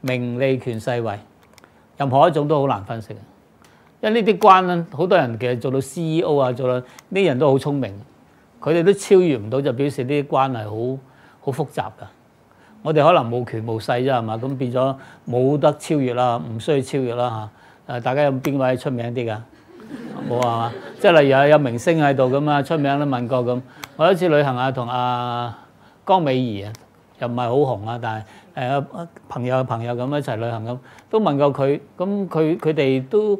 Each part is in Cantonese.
名利權勢位，任何一種都好難分析啊！因為呢啲關呢，好多人其實做到 CEO 啊，做到呢人都好聰明，佢哋都超越唔到，就表示呢啲關係好好複雜噶。我哋可能冇權冇勢啫嘛，咁變咗冇得超越啦，唔需要超越啦吓。誒，大家有邊位出名啲㗎？冇啊嘛，即係例如有明星喺度咁啊，出名都問過咁。我有一次旅行啊，同阿江美儀啊，又唔係好紅啊，但係誒朋友嘅朋友咁一齊旅行咁，都問過佢，咁佢佢哋都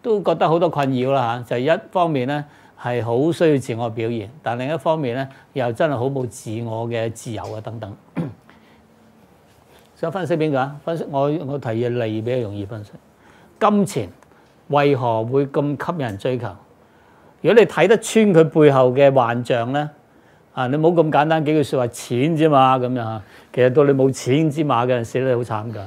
都覺得好多困擾啦嚇、啊。就係、一方面咧係好需要自我表現，但另一方面咧又真係好冇自我嘅自由啊等等。 想分析邊個啊？分析我我提嘅例比較容易分析，金錢。為何會咁吸引人追求？如果你睇得穿佢背後嘅幻象咧，啊，你冇咁簡單幾句説話說錢啫嘛咁樣嚇。其實到你冇錢之嘛嘅陣時咧，你好慘㗎。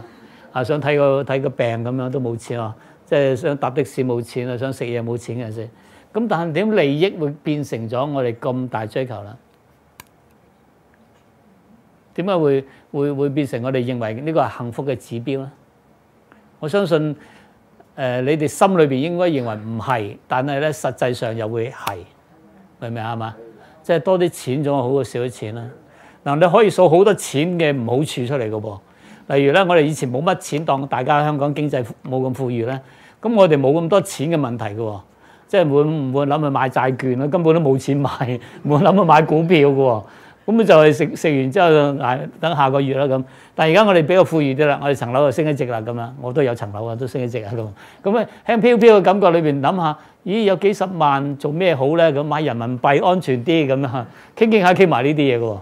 啊，想睇個睇個病咁樣都冇錢啊，即係想搭的士冇錢啊，想食嘢冇錢嘅人先。咁但係點利益會變成咗我哋咁大追求啦？點解會會會變成我哋認為呢個係幸福嘅指標咧？我相信。誒，你哋心裏邊應該認為唔係，但係咧實際上又會係，明唔明啊？嘛， 即係多啲錢仲好過少啲錢啦。嗱，你可以數好多錢嘅唔好處出嚟嘅噃。例如咧，我哋以前冇乜錢，當大家香港經濟冇咁富裕咧，咁我哋冇咁多錢嘅問題嘅喎，即係會唔會諗去買債券啦，根本都冇錢買，冇諗去買股票嘅喎。咁咪就係食食完之後，挨等下個月啦咁。但係而家我哋比較富裕啲啦，我哋層樓就升一值啦咁啊，我都有層樓啊，都升一值喺度。咁啊輕飄飄嘅感覺裏邊諗下，咦，有幾十萬做咩好咧？咁買人民幣安全啲咁啊，傾傾下傾埋呢啲嘢嘅喎。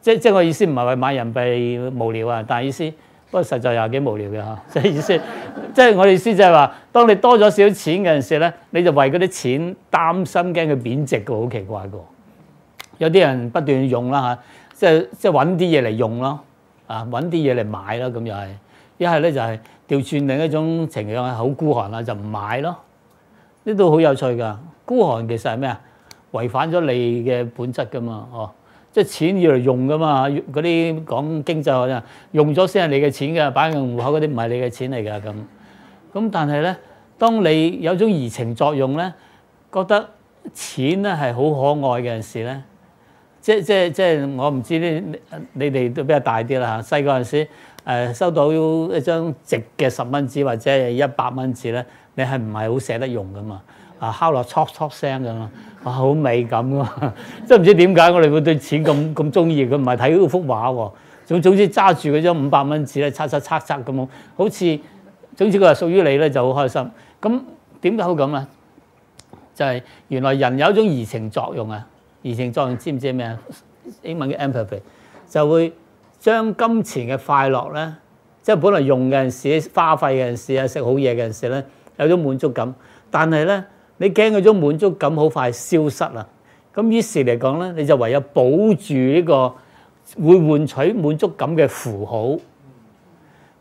即即我意思唔係話買人民幣無聊啊，但係意思不過實在又幾無聊嘅嚇。即意思即我意思就係話，當你多咗少少錢嘅陣時咧，你就為嗰啲錢擔心驚佢貶值嘅，好奇怪嘅。有啲人不斷用啦嚇，即係即係揾啲嘢嚟用咯，啊揾啲嘢嚟買啦，咁又係一係咧，就係調轉另一種情況係好孤寒啦，就唔買咯，呢度好有趣噶。孤寒其實係咩啊？違反咗你嘅本質噶嘛，哦，即係錢要嚟用噶嘛，嗰啲講經濟學啊，用咗先係你嘅錢嘅，擺喺個戶口嗰啲唔係你嘅錢嚟㗎咁。咁但係咧，當你有種移情作用咧，覺得錢咧係好可愛嘅陣時咧。即即即我唔知呢，你哋都比較大啲啦嚇。細嗰陣時，誒收到一張值嘅十蚊紙或者一百蚊紙咧，你係唔係好捨得用噶嘛？啊，敲落唰唰聲咁，哇、哦，好美咁喎！都 唔知點解我哋會對錢咁咁中意，佢唔係睇嗰幅畫喎。總總之揸住嗰張五百蚊紙咧，刷刷刷刷咁，好似總之佢係屬於你咧就好開心。咁點解會咁啊？就係、是、原來人有一種移情作用啊！移情作用知唔知咩啊？英文叫 empathy，就會將金錢嘅快樂咧，即係本來用嘅陣時、花費嘅陣時啊、食好嘢嘅陣時咧，有種滿足感。但係咧，你驚嗰種滿足感好快消失啦。咁於是嚟講咧，你就唯有保住呢個會換取滿足感嘅符號，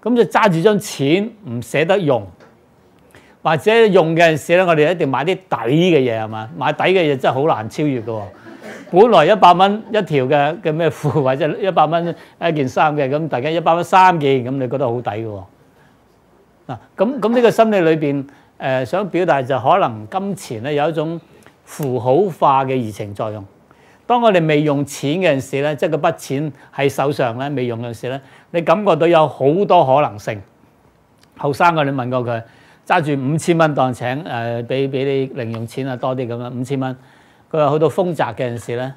咁就揸住張錢唔捨得用，或者用嘅陣時咧，我哋一定買啲抵嘅嘢係嘛？買抵嘅嘢真係好難超越嘅喎。本來一百蚊一條嘅嘅咩褲，或者一百蚊一件衫嘅，咁大家一百蚊三件，咁你覺得好抵嘅喎？嗱，咁咁呢個心理裏邊，誒、呃、想表達就可能金錢咧有一種符號化嘅移情作用。當我哋未用錢嘅時咧，即係嗰筆錢喺手上咧未用嘅時咧，你感覺到有好多可能性。後生我你問過佢，揸住五千蚊當請誒，俾、呃、俾你零用錢啊多啲咁樣，五千蚊。佢話去到豐澤嘅陣時咧，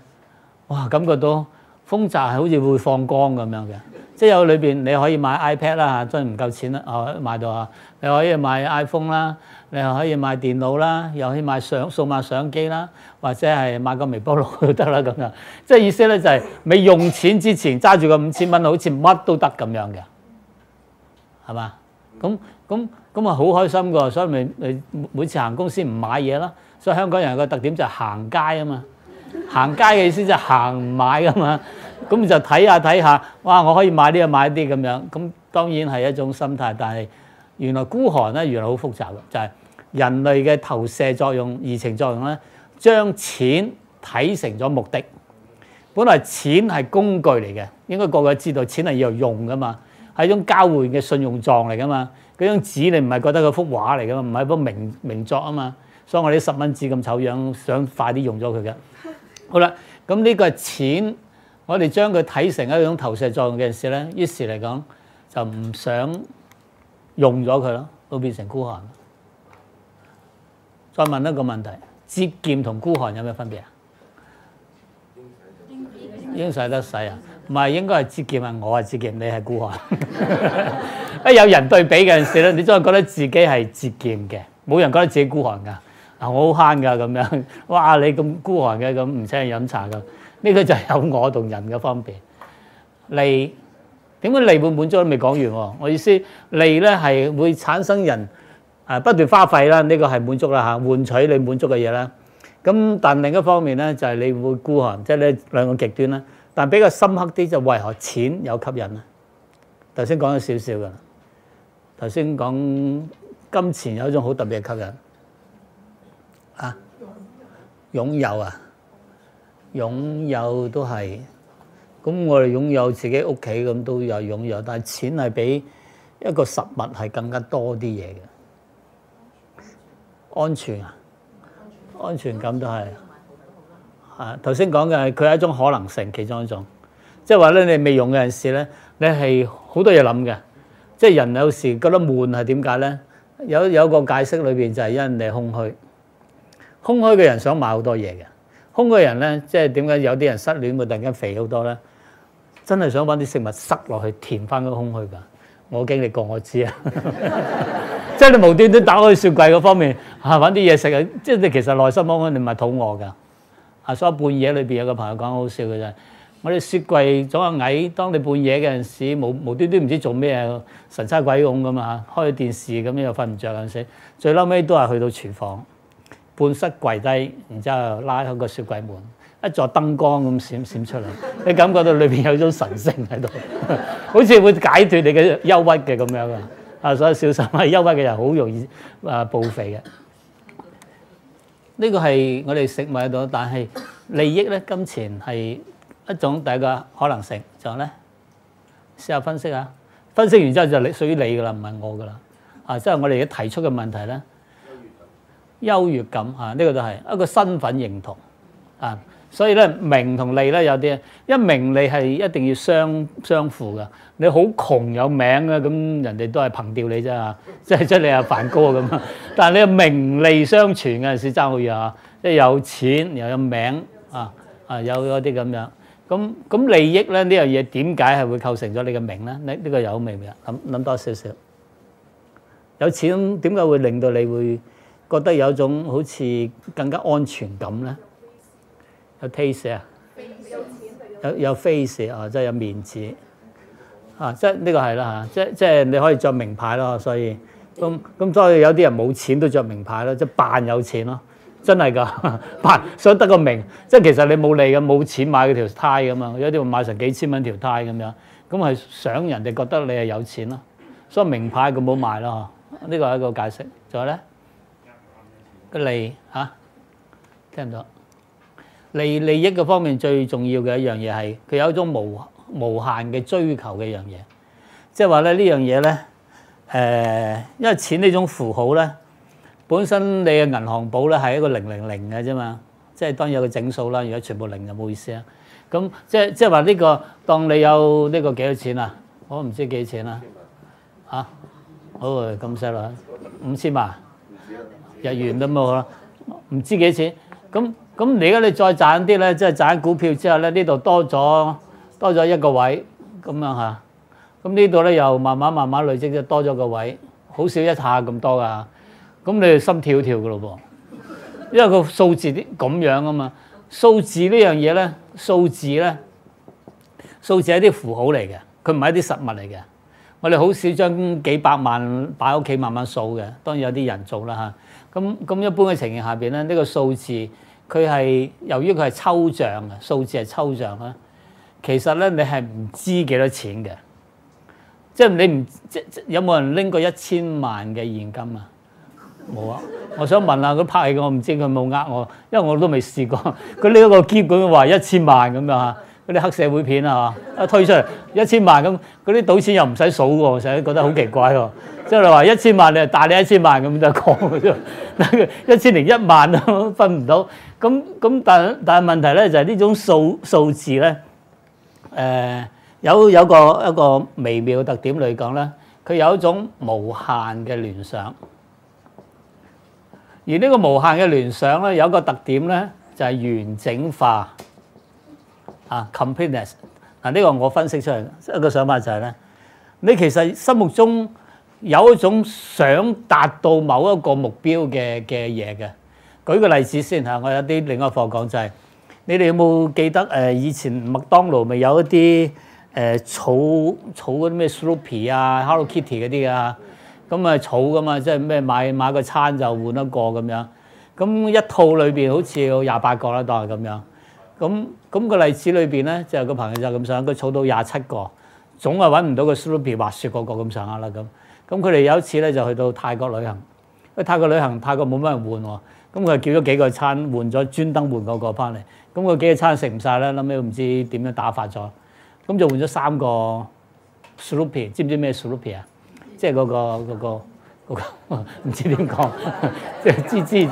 哇！感覺到豐澤係好似會放光咁樣嘅，即係有裏邊你可以買 iPad 啦嚇，真係唔夠錢啦哦買到啊！你可以買 iPhone 啦，你又可以買電腦啦，又可以買相數碼相機啦，或者係買個微波爐都得啦咁樣。即係意思咧就係、是、未用錢之前揸住個五千蚊，好似乜都得咁樣嘅，係嘛？咁咁咁啊好開心噶，所以咪咪每次行公司唔買嘢啦。所以香港人個特點就係行街啊嘛，行街嘅意思就係行唔買啊嘛，咁就睇下睇下，哇，我可以買啲、這、啊、個、買啲咁樣，咁當然係一種心態，但係原來孤寒咧原來好複雜嘅，就係、是、人類嘅投射作用、移情作用咧，將錢睇成咗目的。本來錢係工具嚟嘅，應該個個知道錢係要用噶嘛，係一種交換嘅信用狀嚟噶嘛，嗰張紙你唔係覺得係幅畫嚟噶嘛，唔係幅名名作啊嘛。所以我哋十蚊紙咁醜樣，想快啲用咗佢嘅。好啦，咁呢個錢，我哋將佢睇成一種投射作用嘅陣時咧，於是嚟講就唔想用咗佢咯，都變成孤寒。再問一個問題：節儉同孤寒有咩分別啊？應使得使啊？唔係應該係節儉啊？我係節儉，你係孤寒。一 有人對比嘅陣時咧，你都係覺得自己係節儉嘅，冇人覺得自己孤寒㗎。啊、我好慳噶，咁樣，哇！你咁孤寒嘅，咁，唔請人飲茶噶。呢個就係有我同人嘅方便。利，點解利會滿足？未講完喎。我意思是利咧係會產生人誒不斷花費啦。呢、呢個係滿足啦嚇，換取你滿足嘅嘢啦。咁但另一方面咧，就係你會孤寒，即係呢兩個極端啦。但比較深刻啲就為何錢有吸引咧？頭先講咗少少噶，頭先講金錢有一種好特別嘅吸引。啊，擁有啊，擁有都係，咁我哋擁有自己屋企咁都有擁有，但係錢係比一個實物係更加多啲嘢嘅，安全啊，安全感都係，啊，頭先講嘅係佢係一種可能性其中一種，即係話咧你未用嗰陣時咧，你係好多嘢諗嘅，即係人有時覺得悶係點解咧？有有個解釋裏邊就係因你空虛。空虛嘅人想買好多嘢嘅，空虛嘅人咧，即係點解有啲人失戀會突然間肥好多咧？真係想揾啲食物塞落去填翻個空虛㗎。我經歷過，我知啊。 即係你無端端打開雪櫃嗰方面嚇，揾啲嘢食啊！即係你其實內心空虛，你唔係肚餓㗎。啊，所以半夜裏邊有個朋友講好笑嘅啫。我哋雪櫃咗個矮，當你半夜嗰陣時無，無端端唔知做咩神差鬼咁咁啊！開電視咁又瞓唔着。嗰陣時最嬲尾都係去到廚房。半膝跪低，然之後拉開個雪櫃門，一座燈光咁閃閃出嚟，你感覺到裏邊有種神聖喺度，好似會解決你嘅憂鬱嘅咁樣啊！啊，所以小心係憂鬱嘅人好容易啊暴肥嘅。呢個係我哋食物喺度，但係利益咧，金錢係一種第一個可能性。仲有咧，試下分析下，分析完之後就屬於你噶啦，唔係我噶啦。啊，即係我哋而家提出嘅問題咧。優越感啊！呢個都係一個身份認同啊，所以咧，名同利咧有啲，因為名利係一定要相相輔㗎。你好窮有名啊，咁人哋都係憑吊你啫，即係即係你阿凡哥咁啊。但係你名利雙全嘅陣時爭好遠啊，即係有錢又有名啊啊，有嗰啲咁樣咁咁利益咧，呢樣嘢點解係會構成咗你嘅名咧？呢呢個有名名諗諗多少少有錢，點解會令到你會？覺得有種好似更加安全感咧，有 taste 啊，有 face、哦就是、有 face 啊，即係有面子啊，即係呢個係啦嚇，即即係你可以着名牌咯，所以咁咁，所以有啲人冇錢都着名牌咯，即係扮有錢咯，真係噶扮想得個名， 即係其實你冇利嘅，冇錢買嗰條呔咁嘛，有啲會買成幾千蚊條呔咁樣，咁係想人哋覺得你係有錢咯，所以名牌咁好賣咯，呢個係一個解釋。仲有咧？利嚇，啊、聽唔到利，利益嘅方面，最重要嘅一樣嘢係佢有一種無無限嘅追求嘅一，就是，樣嘢，即係話咧，呢樣嘢咧誒，因為錢呢種符號咧，本身你嘅銀行簿咧係一個零零零嘅啫嘛，即係當然有個整數啦，如果全部零就冇意思啊。咁即係即係話呢個當你有呢個幾多錢啊？我唔知幾多錢啦，啊、嚇，好咁犀啦，五千萬。日元都冇嘞，唔知幾錢咁咁。你而家你再賺啲咧，即係賺股票之後咧，呢度多咗多咗一個位咁樣嚇。咁呢度咧又慢慢慢慢累積，就多咗個位，好少一下咁多噶。咁你就心跳跳噶咯噃，因為個數字啲咁樣啊嘛。數字呢樣嘢咧，數字咧，數字係啲符號嚟嘅，佢唔係啲實物嚟嘅。我哋好少將幾百萬擺屋企慢慢數嘅，當然有啲人做啦嚇。咁咁一般嘅情形下邊咧，呢個數字佢係由於佢係抽象嘅，數字係抽象啦。其實咧，你係唔知幾多錢嘅，即係你唔即有冇人拎過一千萬嘅現金啊？冇啊！我想問下佢拍戲嘅，我唔知佢冇呃我，因為我都未試過佢拎一個鉛管話一千萬咁啊。嗰啲黑社會片啊嚇，一推出嚟一千萬咁，嗰啲賭錢又唔使數嘅喎，成日覺得好奇怪喎。即係話一千萬你就大你一千萬咁都係講嘅啫，一千零一萬都分唔到。咁咁但但係問題咧就係呢種數數字咧，誒有有個一個微妙嘅特點嚟講咧，佢有一種無限嘅聯想。而呢個無限嘅聯想咧，有一個特點咧，就係完整化。啊 c o m p e t e 嗱，呢個我分析出嚟一個想法就係、是、咧，你其實心目中有一種想達到某一個目標嘅嘅嘢嘅。舉個例子先嚇，我有啲另外一放講就係、是，你哋有冇記得誒以前麥當勞咪有一啲誒、呃、草儲嗰啲咩 Sloopy 啊、Hello Kitty 嗰啲啊？咁啊草噶嘛，即係咩買買個餐就換一個咁樣。咁一套裏邊好似有廿八個啦，當係咁樣。咁咁個例子裏邊咧，就有個朋友就咁想，佢儲到廿七個，總係揾唔到個 Sloopy 滑雪個個咁上下啦咁。咁佢哋有一次咧就去到泰國旅行，去泰國旅行泰國冇乜人換喎，咁佢叫咗幾個餐換咗，專登換個個翻嚟。咁佢幾個餐食唔晒啦，諗起唔知點樣打發咗，咁就換咗三個 Sloopy，知唔知咩 Sloopy 啊？即、那、係嗰個嗰個。嗰個嗰個嗰個唔知點講 知知， 即係吱吱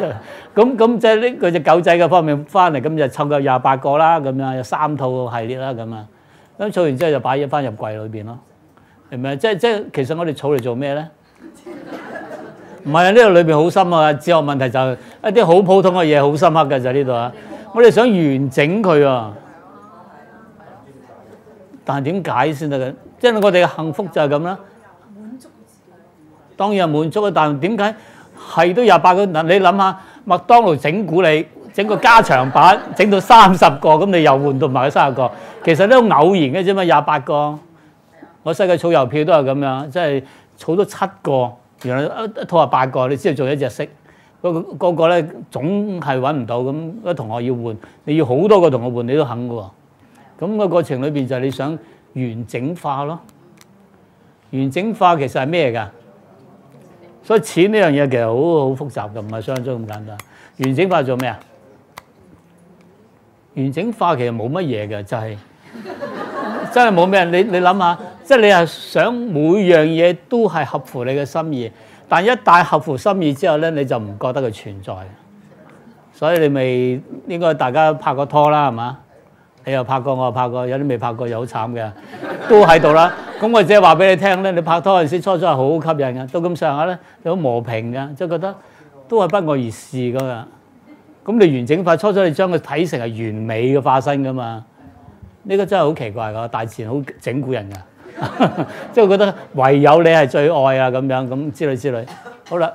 就咁咁即係呢佢隻狗仔嘅方面翻嚟咁就湊夠廿八個啦，咁樣有三套系列啦，咁啊咁湊完之後就擺咗翻入櫃裏邊咯，係咪啊？即係即係其實我哋湊嚟做咩咧？唔係啊！呢度裏邊好深啊！哲學問題就係一啲好普通嘅嘢，好深刻嘅就係呢度啊！我哋想完整佢喎，但係點解先得嘅？即係我哋嘅幸福就係咁啦。當然係滿足啦，但係點解係都廿八個？嗱，你諗下，麥當勞整蠱你整個加長版，整到三十個，咁你又換到埋佢三十個？其實都偶然嘅啫嘛。廿八個，我世界儲郵票都係咁樣，即係儲咗七個，原來一套係八個，你先係做一隻色。嗰個、嗰個個咧總係揾唔到咁，嗰個同學要換，你要好多個同學換，你都肯嘅喎。咁、嗰個過程裏邊就係你想完整化咯。完整化其實係咩㗎？所以錢呢樣嘢其實好好複雜嘅，唔係想像中咁簡單。完整化做咩啊？完整化其實冇乜嘢嘅，就係、是、 真係冇咩。你你諗下，即、就、係、是、你係想每樣嘢都係合乎你嘅心意，但一旦合乎心意之後咧，你就唔覺得佢存在。所以你咪應該大家拍個拖啦，係嘛？你又拍過，我又拍過，有啲未拍過又好慘嘅，都喺度啦。咁我即係話俾你聽咧，你拍拖嗰陣時初初係好吸引嘅，到咁上下咧你好磨平嘅，即係覺得都係不外而事噶。咁你完整化初初你將佢睇成係完美嘅化身噶嘛？呢、這個真係好奇怪噶，大自然好整蠱人噶，即 係覺得唯有你係最愛啊咁樣咁之類之類。好啦，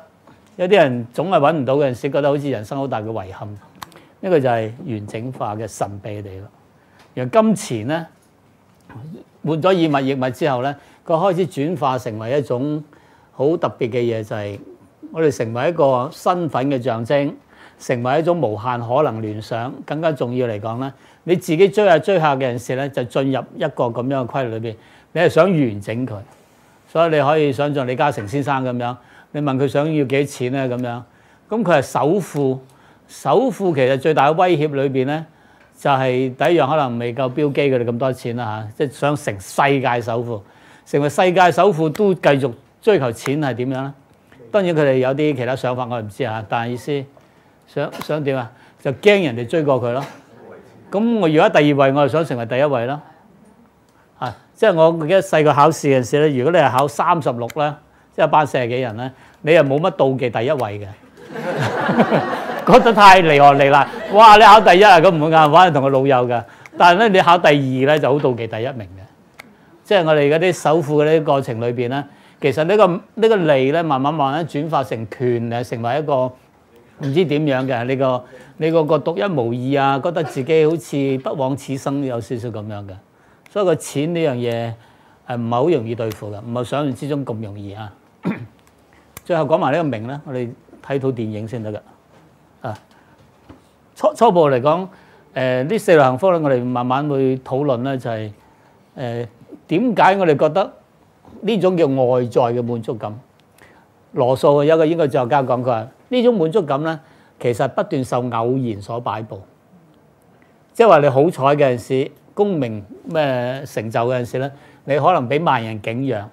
有啲人總係揾唔到嗰陣時，覺得好似人生好大嘅遺憾。呢、這個就係完整化嘅神秘地咯。由金錢咧換咗以物易物之後咧，佢開始轉化成為一種好特別嘅嘢，就係我哋成為一個身份嘅象徵，成為一種無限可能聯想。更加重要嚟講咧，你自己追下追下嘅人士咧，就進入一個咁樣嘅規律裏邊，你係想完整佢，所以你可以想象李嘉誠先生咁樣，你問佢想要幾多錢咧咁樣，咁佢係首富，首富其實最大嘅威脅裏邊咧。就係第一樣可能未夠比爾蓋茨佢哋咁多錢啦嚇，即係想成世界首富，成為世界首富都繼續追求錢係點樣咧？當然佢哋有啲其他想法，我唔知嚇，但係意思想想點啊？就驚人哋追過佢咯。咁我如果第二位，我就想成為第一位咯。啊，即係我記得細個考試嗰陣時咧，如果你係考三十六咧，即係班四十幾人咧，你又冇乜妒忌第一位嘅。覺得太厲害，利啦！哇，你考第一啊，咁唔會硬翻同佢老友噶。但係咧，你考第二咧，就好妒忌第一名嘅。即係我哋而啲首富嘅呢個過程裏邊咧，其實、這個這個、呢個呢個利咧，慢慢慢慢轉化成權，誒，成為一個唔知點樣嘅呢個你個個獨一無二啊！覺得自己好似不枉此生，有少少咁樣嘅。所以個錢呢樣嘢係唔係好容易對付噶？唔係想象之中咁容易啊！ 最後講埋呢個名咧，我哋睇套電影先得噶。初初步嚟講，呢四類幸福呢，我哋慢慢會討論就係點解我哋覺得呢種叫外在嘅滿足感，羅素有一個英國作家講，佢話呢種滿足感呢，其實不斷受偶然所擺佈。即係話你好彩嘅陣時，功名咩成就嘅陣時呢，你可能俾萬人景仰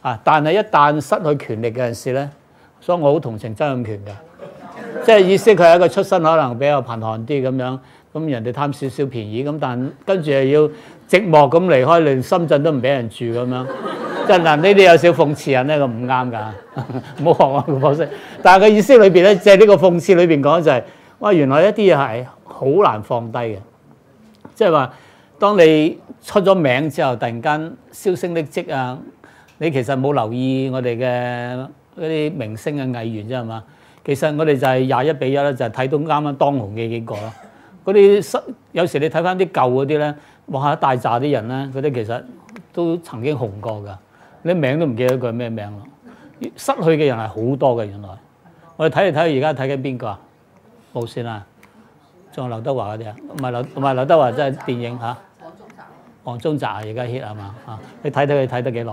啊，但係一旦失去權力嘅陣時呢，所以我好同情曾蔭權嘅。即係意思，佢係一個出身可能比較貧寒啲咁樣，咁人哋貪少少便宜咁，但跟住又要寂寞咁離開，連深圳都唔俾人住咁樣。真係呢啲有少少諷刺人咧，咁唔啱㗎，唔好學我個方式。但係個意思裏邊咧，即係呢個諷刺裏邊講就係哇，原來一啲嘢係好難放低嘅，即係話當你出咗名之後，突然間銷聲匿跡啊，你其實冇留意我哋嘅嗰啲明星嘅藝員啫，係嘛？其實我哋就係廿一比一啦，就係睇到啱啱當紅嘅幾個咯。嗰啲失，有時你睇翻啲舊嗰啲咧，哇！大紮啲人咧，嗰啲其實都曾經紅過噶。你名都唔記得佢咩名咯。失去嘅人係好多嘅原來。嗯、我哋睇嚟睇去，而家睇緊邊個？無線宅啊，仲有劉德華嗰啲啊，唔係劉唔係劉德華，即係電影嚇。黃宗澤。黃宗澤而家 hit 係嘛？嚇，你睇睇佢睇得幾耐？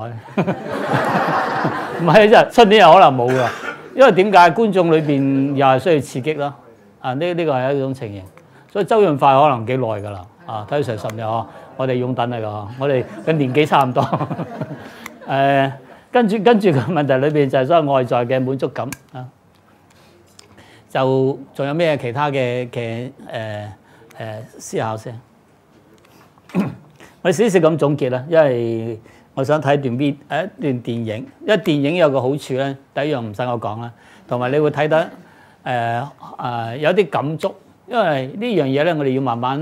唔 係，即係春天又可能冇㗎。因為點解觀眾裏邊又係需要刺激啦？啊，呢、這、呢個係、這個、一種情形。所以周潤發可能幾耐㗎啦。啊，睇咗成十日呵。我哋擁躉嚟㗎，我哋嘅年紀差唔多。誒、 啊，跟住跟住個問題裏邊就係所謂外在嘅滿足感啊。就仲有咩其他嘅嘅誒誒思考先？ 我哋試一試咁總結啦，因為。我想睇段片，誒一段電影，因為電影有個好處咧，第一樣唔使我講啦，同埋你會睇得誒誒、呃呃、有啲感觸，因為呢樣嘢咧，我哋要慢慢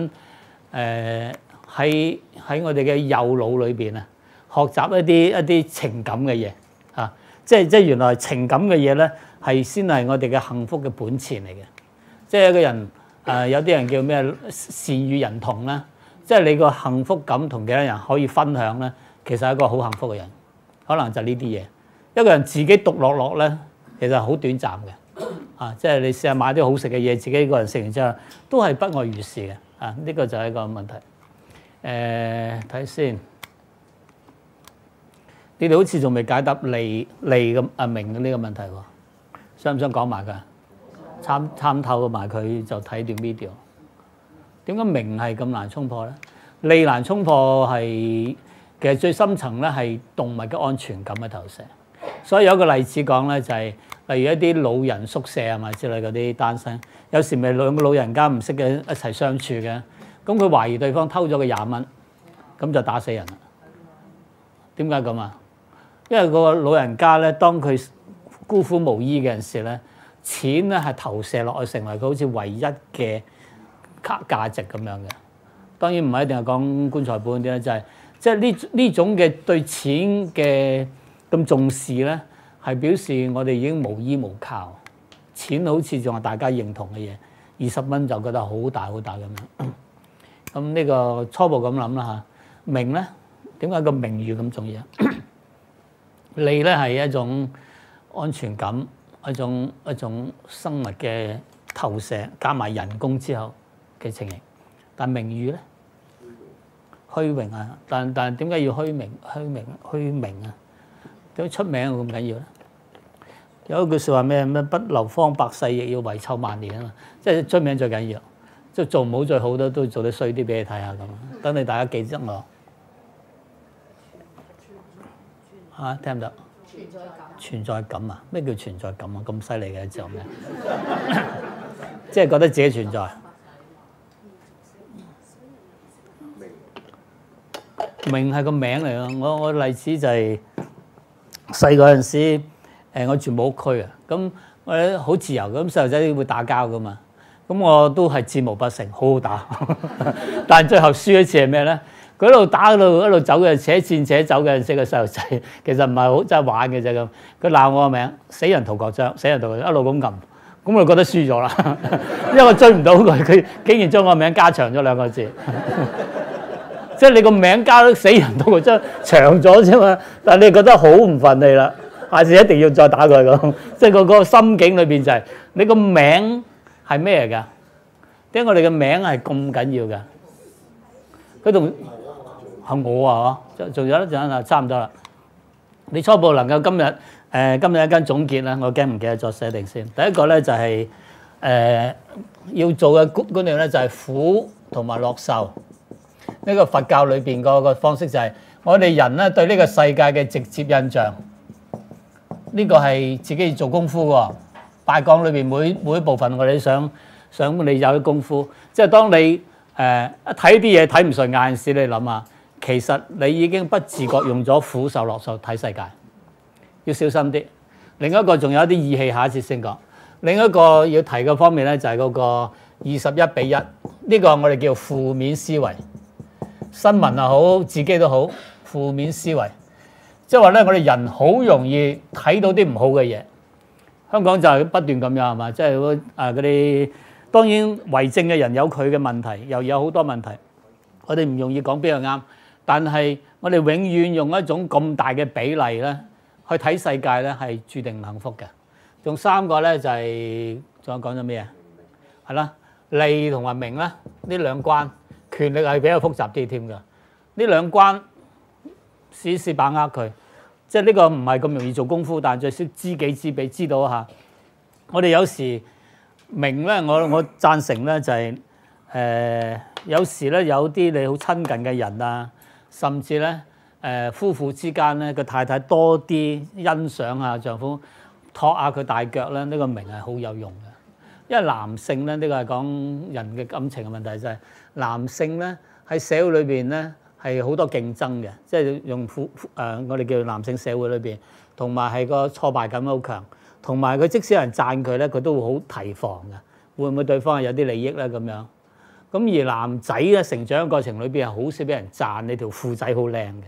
誒喺喺我哋嘅右腦裏邊啊，學習一啲一啲情感嘅嘢啊，即係即係原來情感嘅嘢咧，係先係我哋嘅幸福嘅本錢嚟嘅，即係一個人誒、呃、有啲人叫咩善與人同啦，即係你個幸福感同其他人可以分享咧。其實係一個好幸福嘅人，可能就呢啲嘢。一個人自己獨落落咧，其實係好短暫嘅。啊，即係你試下買啲好食嘅嘢，自己一個人食完之後，都係不外如是嘅。啊，呢、這個就係一個問題。誒、呃，睇先。你哋好似仲未解答利利咁啊名呢個問題喎、啊？想唔想講埋噶？參參透埋佢就睇段 video。點解名係咁難衝破咧？利難衝破係。其實最深層咧係動物嘅安全感嘅投射，所以有一個例子講咧，就係例如一啲老人宿舍啊嘛之類嗰啲單身，有時咪兩個老人家唔識嘅一齊相處嘅，咁佢懷疑對方偷咗個廿蚊，咁就打死人啦。點解咁啊？因為個老人家咧，當佢孤苦無依嘅陣時咧，錢咧係投射落去成為佢好似唯一嘅卡價值咁樣嘅。當然唔係一定係講棺材本啲啦，就係。即係呢呢種嘅對錢嘅咁重視咧，係表示我哋已經無依無靠，錢好似仲係大家認同嘅嘢，二十蚊就覺得好大好大咁樣。咁呢、 個初步咁諗啦吓，名咧點解個名譽咁重要？利咧係一種安全感，一種一種生物嘅投射加埋人工之後嘅情形，但名譽咧。虛榮啊！但但點解要虛榮？虛榮虛名啊！點出名咁緊要咧？有一句説話咩？咩不留芳百世，亦要遺臭萬年啊嘛！即係出名最緊要，即係做唔好最好都都做得衰啲俾你睇下咁。等你大家記得我嚇，聽唔得？存在感啊！咩叫存在感啊？咁犀利嘅做咩？ 即係覺得自己存在。名係個名嚟㗎，我我例子就係細個陣時，誒我住冇屋區啊，咁我咧好自由咁，細路仔會打交㗎嘛，咁我都係戰無不勝，好好打，但係最後輸一次係咩咧？佢一路打一路一路走嘅，且戰且走嘅，識個細路仔其實唔係好真係玩嘅啫咁，佢鬧我個名，死人逃國將，死人逃一路咁撳，咁我就覺得輸咗啦，因為我追唔到佢，佢竟然將我個名加長咗兩個字。即係你個名加到死人都，真係長咗啫嘛！但係你覺得好唔憤氣啦，下次一定要再打佢咁？即係個個心境裏邊就係你個名係咩嚟㗎？點解我哋嘅名係咁緊要㗎？佢同係我啊嗬，仲有咧，仲有啊，差唔多啦。你初步能夠今日誒今日一間總結咧，我驚唔記得作寫定先。第一個咧就係誒要做嘅觀觀念咧就係苦同埋樂受。呢個佛教裏邊個個方式就係我哋人咧對呢個世界嘅直接印象，呢、這個係自己要做功夫喎。大綱裏邊每每一部分我，我哋想想你有啲功夫，即係當你誒、呃、一睇啲嘢睇唔順眼時，你諗啊，其實你已經不自覺用咗苦受樂受睇世界，要小心啲。另一個仲有一啲意氣，下一次先講。另一個要提嘅方面咧，就係嗰個二十一比一，呢個我哋叫負面思維。新聞又好，自己都好，負面思維，即係話咧，我哋人好容易睇到啲唔好嘅嘢。香港就係不斷咁樣係嘛，即係嗰啲當然為政嘅人有佢嘅問題，又有好多問題。我哋唔容易講邊個啱，但係我哋永遠用一種咁大嘅比例咧去睇世界咧，係注定唔幸福嘅。仲三個咧就係、是、仲有講咗咩啊？係啦，利同埋名啦，呢兩關。權力係比較複雜啲添㗎，呢兩關試一試把握佢，即係呢個唔係咁容易做功夫，但最少知己知彼，知道一下。我哋有時明咧，我我贊成咧就係、是、誒、呃，有時咧有啲你好親近嘅人啊，甚至咧誒、呃、夫婦之間咧，個太太多啲欣賞啊，丈夫，托下佢大腳咧，呢、這個名係好有用嘅。因為男性咧，呢個係講人嘅感情嘅問題就係、是、男性咧喺社會裏邊咧係好多競爭嘅，即係用褲誒、呃，我哋叫做男性社會裏邊，同埋係個挫敗感好強，同埋佢即使有人讚佢咧，佢都會好提防嘅，會唔會對方有啲利益咧咁樣？咁而男仔咧成長過程裏邊係好少俾人讚你條褲仔好靚嘅，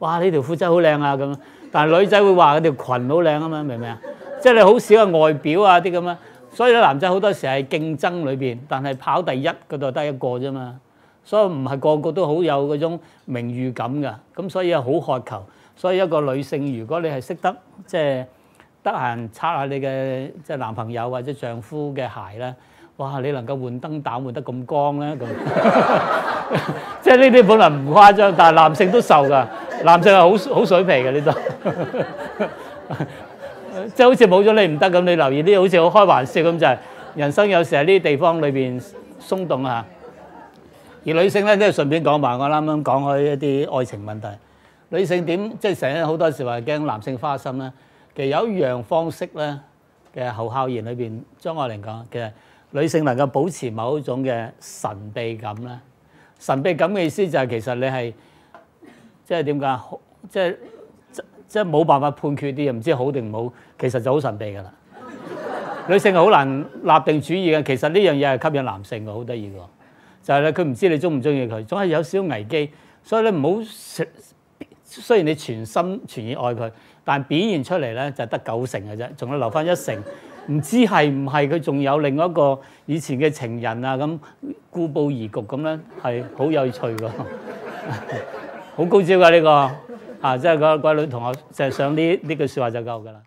哇！你條褲仔好靚啊咁，但係女仔會話佢條裙好靚啊嘛，明唔明啊？即係好少話外表啊啲咁啊。所以呢，男仔好多時係競爭裏邊，但係跑第一，嗰度得一個啫嘛。所以唔係個個都好有嗰種名譽感㗎，咁所以啊好渴求。所以一個女性，如果你係識得，即係得閒擦下你嘅即係男朋友或者丈夫嘅鞋呢，嘩，你能夠換燈膽換得咁光呢? 咁即係呢啲本嚟唔誇張，但係男性都受㗎，男性係好好水皮嘅呢度。即係好似冇咗你唔得咁，你留意啲好似好開玩笑咁，就係人生有時喺呢啲地方裏邊鬆動嚇。而女性咧，即係順便講埋，我啱啱講開一啲愛情問題。女性點即係成日好多時話驚男性花心咧，其實有一樣方式咧嘅侯孝賢裏邊，張愛玲講嘅女性能夠保持某一種嘅神秘感咧。神秘感嘅意思就係其實你係即係點解，即係。即係冇辦法判決啲嘢，唔知好定唔好，其實就好神秘㗎啦。 女性好難立定主意嘅，其實呢樣嘢係吸引男性㗎，好得意㗎。就係咧，佢唔知你中唔中意佢，總係有少少危機。所以咧，唔好雖然你全心全意愛佢，但表現出嚟咧就得九成㗎啫，仲要留翻一成，唔知係唔係佢仲有另外一個以前嘅情人啊咁故佈疑局，咁咧，係好有趣㗎，好 高招㗎呢個。啊！即係嗰個貴女同學就係想呢呢 句説話就夠㗎啦。